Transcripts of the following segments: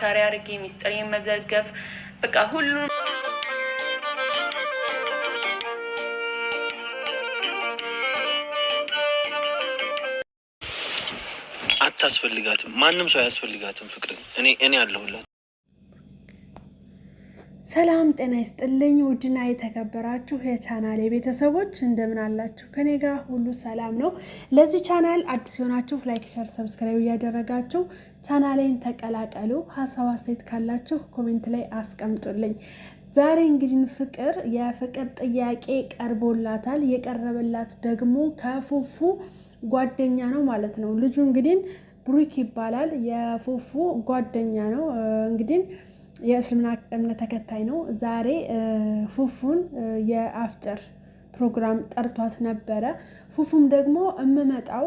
ካሪ አርጌ ሚስጥር መዘርገፍ በቃ ሁሉ አታስፈልጋትም። ማንም ሰው አያስፈልጋትም። ፍቅርን እኔ እኔ አለሁላት። ሰላም ጤና ይስጥልኝ። ውድና የተከበራችሁ የቻናል የቤተሰቦች እንደምን አላችሁ? ከኔ ጋር ሁሉ ሰላም ነው። ለዚህ ቻናል አዲስ የሆናችሁ ላይክ፣ ሸር፣ ሰብስክራይብ እያደረጋችሁ ቻናሌን ተቀላቀሉ። ሀሳብ አስተያየት ካላችሁ ኮሜንት ላይ አስቀምጡልኝ። ዛሬ እንግዲህ ፍቅር የፍቅር ጥያቄ ቀርቦላታል። የቀረበላት ደግሞ ከፉፉ ጓደኛ ነው ማለት ነው። ልጁ እንግዲህ ብሩክ ይባላል። የፉፉ ጓደኛ ነው እንግዲህ የእስልምና እምነት ተከታይ ነው። ዛሬ ፉፉን የአፍጥር ፕሮግራም ጠርቷት ነበረ። ፉፉም ደግሞ የምመጣው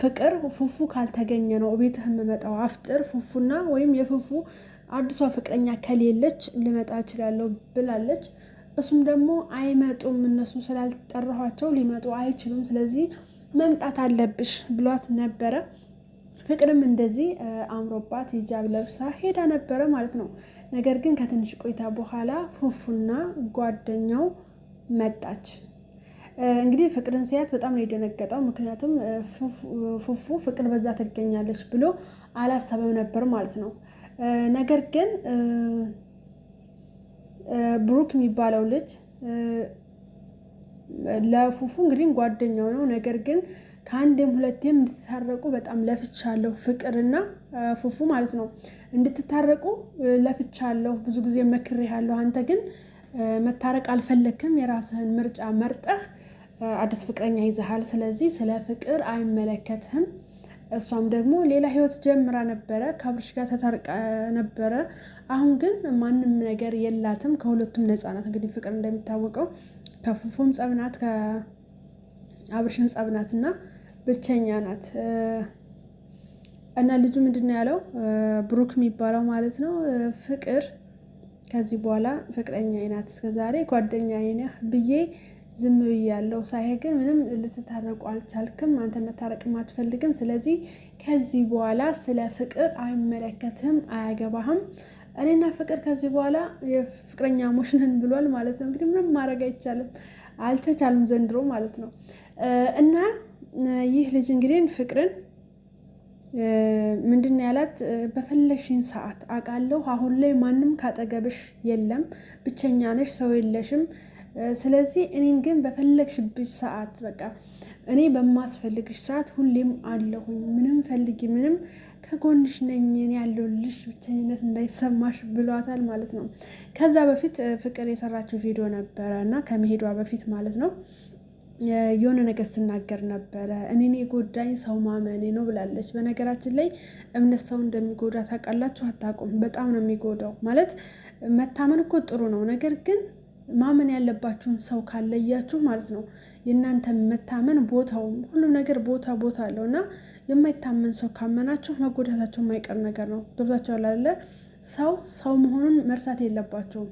ፍቅር ፉፉ ካልተገኘ ነው ቤትህ የምመጣው አፍጥር ፉፉና ወይም የፉፉ አዲሷ ፍቅረኛ ከሌለች ልመጣ እችላለሁ ብላለች። እሱም ደግሞ አይመጡም እነሱ ስላልጠራኋቸው ሊመጡ አይችሉም፣ ስለዚህ መምጣት አለብሽ ብሏት ነበረ። ፍቅርም እንደዚህ አምሮባት ሂጃብ ለብሳ ሄዳ ነበረ ማለት ነው። ነገር ግን ከትንሽ ቆይታ በኋላ ፉፉና ጓደኛው መጣች። እንግዲህ ፍቅርን ሲያት በጣም ነው የደነገጠው። ምክንያቱም ፉፉ ፍቅር በዛ ትገኛለች ብሎ አላሰበም ነበር ማለት ነው። ነገር ግን ብሩክ የሚባለው ልጅ ለፉፉ እንግዲህ ጓደኛው ነው። ነገር ግን ከአንድም ሁለቴም እንድትታረቁ በጣም ለፍቻለሁ። ፍቅርና ፉፉ ማለት ነው እንድትታረቁ ለፍቻለሁ። ብዙ ጊዜ መክሬሃለሁ። አንተ ግን መታረቅ አልፈለክም። የራስህን ምርጫ መርጠህ አዲስ ፍቅረኛ ይዘሃል። ስለዚህ ስለ ፍቅር አይመለከትህም። እሷም ደግሞ ሌላ ህይወት ጀምራ ነበረ፣ ከአብርሽ ጋር ተታርቃ ነበረ። አሁን ግን ማንም ነገር የላትም። ከሁለቱም ነፃ ናት። እንግዲህ ፍቅር እንደሚታወቀው ከፉፉም ጸብናት፣ ከአብርሽም ጸብናት እና ብቸኛ ናት እና ልጁ ምንድን ነው ያለው ብሩክ የሚባለው ማለት ነው ፍቅር ከዚህ በኋላ ፍቅረኛ አይናት እስከዛሬ ጓደኛ አይነህ ብዬ ዝም ብያለሁ። ሳይሄ ግን ምንም ልትታረቁ አልቻልክም። አንተ መታረቅም አትፈልግም። ስለዚህ ከዚህ በኋላ ስለ ፍቅር አይመለከትም፣ አያገባህም። እኔና ፍቅር ከዚህ በኋላ የፍቅረኛ ሞሽንን ብሏል ማለት ነው። እንግዲህ ምንም ማድረግ አይቻልም፣ አልተቻልም ዘንድሮ ማለት ነው እና ይህ ልጅ እንግዲህ ፍቅርን ምንድን ያላት በፈለሽን ሰዓት አውቃለሁ፣ አሁን ላይ ማንም ካጠገብሽ የለም፣ ብቸኛ ነሽ፣ ሰው የለሽም። ስለዚህ እኔን ግን በፈለግሽብሽ ሰዓት በቃ እኔ በማስፈልግሽ ሰዓት ሁሌም አለሁኝ፣ ምንም ፈልጊ፣ ምንም ከጎንሽ ነኝ ያለሁልሽ፣ ብቸኝነት እንዳይሰማሽ ብሏታል ማለት ነው። ከዛ በፊት ፍቅር የሰራችው ቪዲዮ ነበረ እና ከመሄዷ በፊት ማለት ነው የሆነ ነገር ስናገር ነበረ። እኔን የጎዳኝ ሰው ማመኔ ነው ብላለች። በነገራችን ላይ እምነት ሰው እንደሚጎዳ ታውቃላችሁ አታውቁም? በጣም ነው የሚጎዳው። ማለት መታመን እኮ ጥሩ ነው፣ ነገር ግን ማመን ያለባችሁን ሰው ካለያችሁ ማለት ነው የእናንተ መታመን ቦታው፣ ሁሉም ነገር ቦታ ቦታ አለው እና የማይታመን ሰው ካመናችሁ መጎዳታቸው የማይቀር ነገር ነው። ገብታችኋል አይደለ? ሰው ሰው መሆኑን መርሳት የለባቸውም።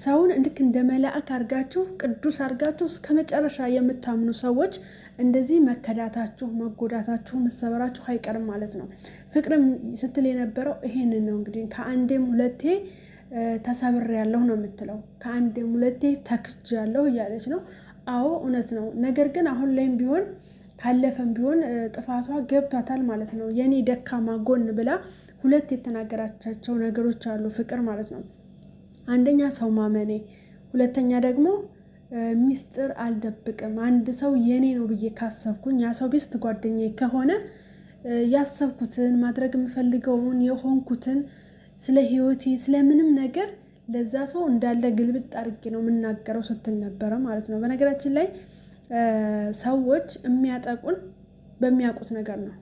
ሰውን እንድክ እንደ መላእክ አርጋችሁ ቅዱስ አርጋችሁ እስከ መጨረሻ የምታምኑ ሰዎች እንደዚህ መከዳታችሁ፣ መጎዳታችሁ፣ መሰበራችሁ አይቀርም ማለት ነው። ፍቅርም ስትል የነበረው ይሄንን ነው እንግዲህ ከአንዴም ሁለቴ ተሰብር ያለሁ ነው የምትለው ከአንዴም ሁለቴ ተክጅ ያለሁ እያለች ነው። አዎ እውነት ነው። ነገር ግን አሁን ላይም ቢሆን ካለፈም ቢሆን ጥፋቷ ገብቷታል ማለት ነው። የኔ ደካማ ጎን ብላ ሁለት የተናገራቻቸው ነገሮች አሉ ፍቅር ማለት ነው። አንደኛ ሰው ማመኔ፣ ሁለተኛ ደግሞ ሚስጥር አልደብቅም። አንድ ሰው የኔ ነው ብዬ ካሰብኩኝ ያ ሰው ቤስት ጓደኛ ከሆነ ያሰብኩትን ማድረግ የምፈልገውን የሆንኩትን ስለ ህይወቴ ስለምንም ነገር ለዛ ሰው እንዳለ ግልብጥ አድርጌ ነው የምናገረው ስትል ነበረ ማለት ነው። በነገራችን ላይ ሰዎች የሚያጠቁን በሚያውቁት ነገር ነው።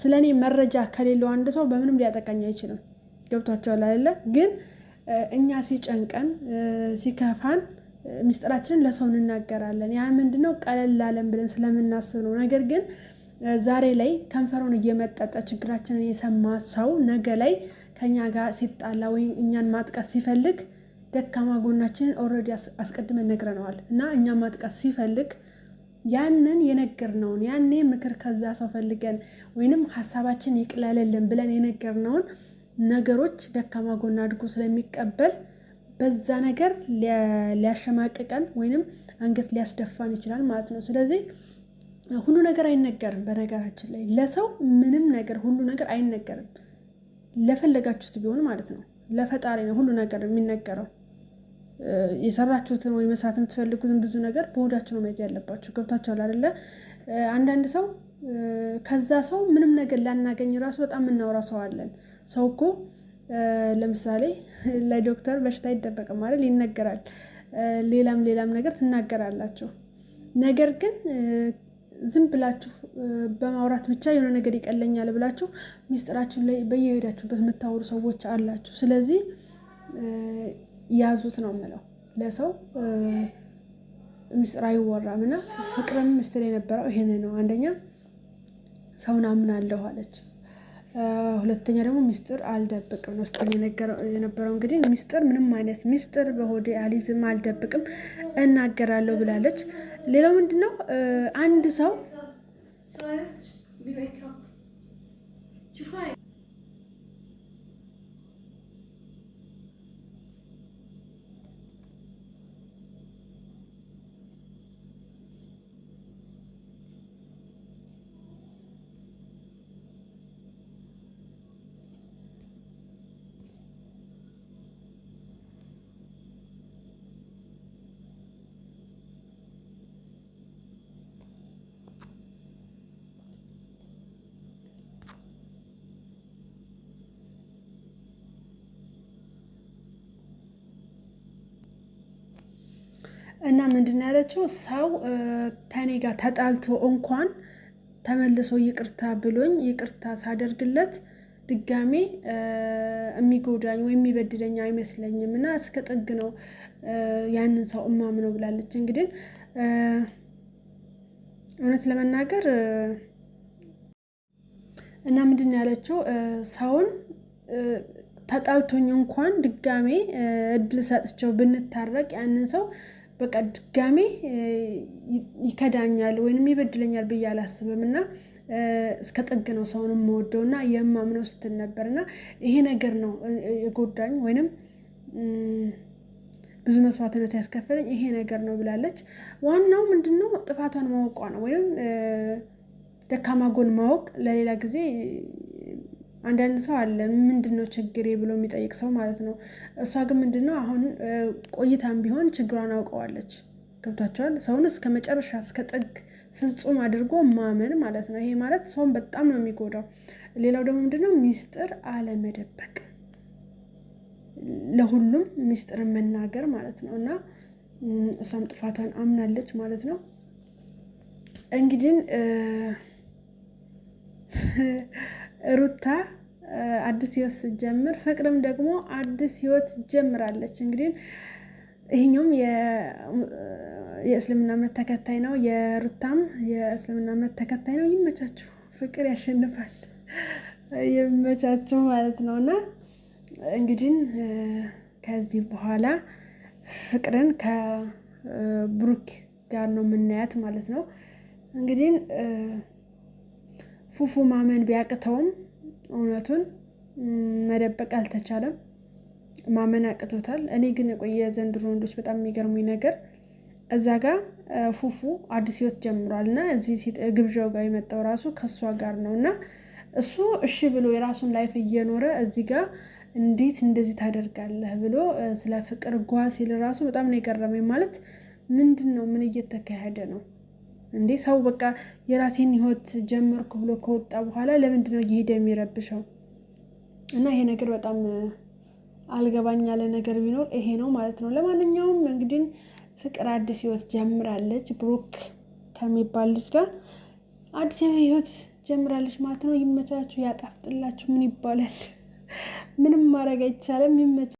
ስለ እኔ መረጃ ከሌለው አንድ ሰው በምንም ሊያጠቃኝ አይችልም። ገብቷቸዋል አይደለ ግን እኛ ሲጨንቀን ሲከፋን ሚስጥራችንን ለሰው እንናገራለን። ያ ምንድነው ቀለል ላለን ብለን ስለምናስብ ነው። ነገር ግን ዛሬ ላይ ከንፈሩን እየመጠጠ ችግራችንን የሰማ ሰው ነገ ላይ ከኛ ጋር ሲጣላ ወይ እኛን ማጥቃት ሲፈልግ ደካማ ጎናችንን ኦልሬዲ አስቀድመን ነግረነዋል እና እኛን ማጥቃት ሲፈልግ ያንን የነገርነውን ያኔ ምክር ከዛ ሰው ፈልገን ወይንም ሀሳባችን ይቅላለልን ብለን የነገርነውን ነገሮች ደካማ ጎን አድርጎ ስለሚቀበል በዛ ነገር ሊያሸማቅቀን ወይንም አንገት ሊያስደፋን ይችላል ማለት ነው። ስለዚህ ሁሉ ነገር አይነገርም። በነገራችን ላይ ለሰው ምንም ነገር ሁሉ ነገር አይነገርም። ለፈለጋችሁት ቢሆን ማለት ነው። ለፈጣሪ ነው ሁሉ ነገር የሚነገረው። የሰራችሁትን ወይ መስራት የምትፈልጉትን ብዙ ነገር በሆዳችሁ ነው መያዝ ያለባችሁ። ገብታችኋል አይደለ? አንዳንድ ሰው ከዛ ሰው ምንም ነገር ላናገኝ ራሱ በጣም እናውራ ሰው አለን። ሰው እኮ ለምሳሌ ለዶክተር በሽታ አይደበቅም ማለት ይነገራል። ሌላም ሌላም ነገር ትናገራላችሁ። ነገር ግን ዝም ብላችሁ በማውራት ብቻ የሆነ ነገር ይቀለኛል ብላችሁ ሚስጥራችሁ ላይ በየሄዳችሁበት የምታወሩ ሰዎች አላችሁ። ስለዚህ ያዙት ነው የምለው። ለሰው ሚስጥር አይወራም እና ፍቅርም ሚስጥር የነበረው ይሄን ነው አንደኛ ሰውን አምናለሁ አለች። ሁለተኛ ደግሞ ሚስጥር አልደብቅም ነው ውስጥ የነበረው እንግዲህ ሚስጥር ምንም አይነት ሚስጥር በሆዴ አሊዝም አልደብቅም እናገራለሁ ብላለች። ሌላው ምንድን ነው አንድ ሰው እና ምንድን ያለችው ሰው ከኔ ጋር ተጣልቶ እንኳን ተመልሶ ይቅርታ ብሎኝ ይቅርታ ሳደርግለት ድጋሜ የሚጎዳኝ ወይም የሚበድለኝ አይመስለኝም እና እስከ ጥግ ነው ያንን ሰው እማም ነው ብላለች። እንግዲህ እውነት ለመናገር እና ምንድን ያለችው ሰውን ተጣልቶኝ እንኳን ድጋሜ እድል ሰጥቸው ብንታረቅ ያንን ሰው በቃ ድጋሜ ይከዳኛል ወይም ይበድለኛል ብዬ አላስብም እና እስከ ጥግ ነው ሰውን የምወደው እና የማምነው ስትል ነበር እና ይሄ ነገር ነው የጎዳኝ ወይንም ብዙ መስዋዕትነት ያስከፈለኝ ይሄ ነገር ነው ብላለች። ዋናው ምንድን ነው ጥፋቷን ማወቋ ነው ወይም ደካማ ጎን ማወቅ ለሌላ ጊዜ አንዳንድ ሰው አለ ምንድን ነው ችግሬ ብሎ የሚጠይቅ ሰው ማለት ነው። እሷ ግን ምንድን ነው አሁን ቆይታም ቢሆን ችግሯን አውቀዋለች። ገብቷቸዋል። ሰውን እስከ መጨረሻ እስከ ጥግ ፍጹም አድርጎ ማመን ማለት ነው። ይሄ ማለት ሰውን በጣም ነው የሚጎዳው። ሌላው ደግሞ ምንድነው ሚስጥር አለመደበቅ፣ ለሁሉም ሚስጥር መናገር ማለት ነው። እና እሷም ጥፋቷን አምናለች ማለት ነው። እንግዲህ ሩታ አዲስ ህይወት ስትጀምር ፍቅርም ደግሞ አዲስ ህይወት ጀምራለች። እንግዲህ ይህኛውም የእስልምና እምነት ተከታይ ነው፣ የሩታም የእስልምና እምነት ተከታይ ነው። ይመቻችሁ፣ ፍቅር ያሸንፋል። ይመቻችሁ ማለት ነው እና እንግዲህ ከዚህ በኋላ ፍቅርን ከብሩክ ጋር ነው የምናያት ማለት ነው። እንግዲህ ፉፉ ማመን ቢያቅተውም እውነቱን መደበቅ አልተቻለም። ማመን አቅቶታል። እኔ ግን የቆየ ዘንድሮ ወንዶች በጣም የሚገርሙኝ ነገር እዛ ጋ ፉፉ አዲስ ህይወት ጀምሯል እና እዚህ ግብዣው ጋር የመጣው ራሱ ከእሷ ጋር ነው እና እሱ እሺ ብሎ የራሱን ላይፍ እየኖረ እዚህ ጋ እንዴት እንደዚህ ታደርጋለህ ብሎ ስለ ፍቅር ጓ ሲል ራሱ በጣም ነው የገረመኝ። ማለት ምንድን ነው? ምን እየተካሄደ ነው? እንዴ ሰው በቃ የራሴን ህይወት ጀመርኩ ብሎ ከወጣ በኋላ ለምንድን ነው እየሄደ የሚረብሸው? እና ይሄ ነገር በጣም አልገባኝ ያለ ነገር ቢኖር ይሄ ነው ማለት ነው። ለማንኛውም እንግዲህ ፍቅር አዲስ ህይወት ጀምራለች ብሩክ ከሚባል ልጅ ጋር አዲስ ህይወት ጀምራለች ማለት ነው። ይመቻችሁ፣ ያጣፍጥላችሁ። ምን ይባላል? ምንም ማድረግ አይቻልም። ይመቻ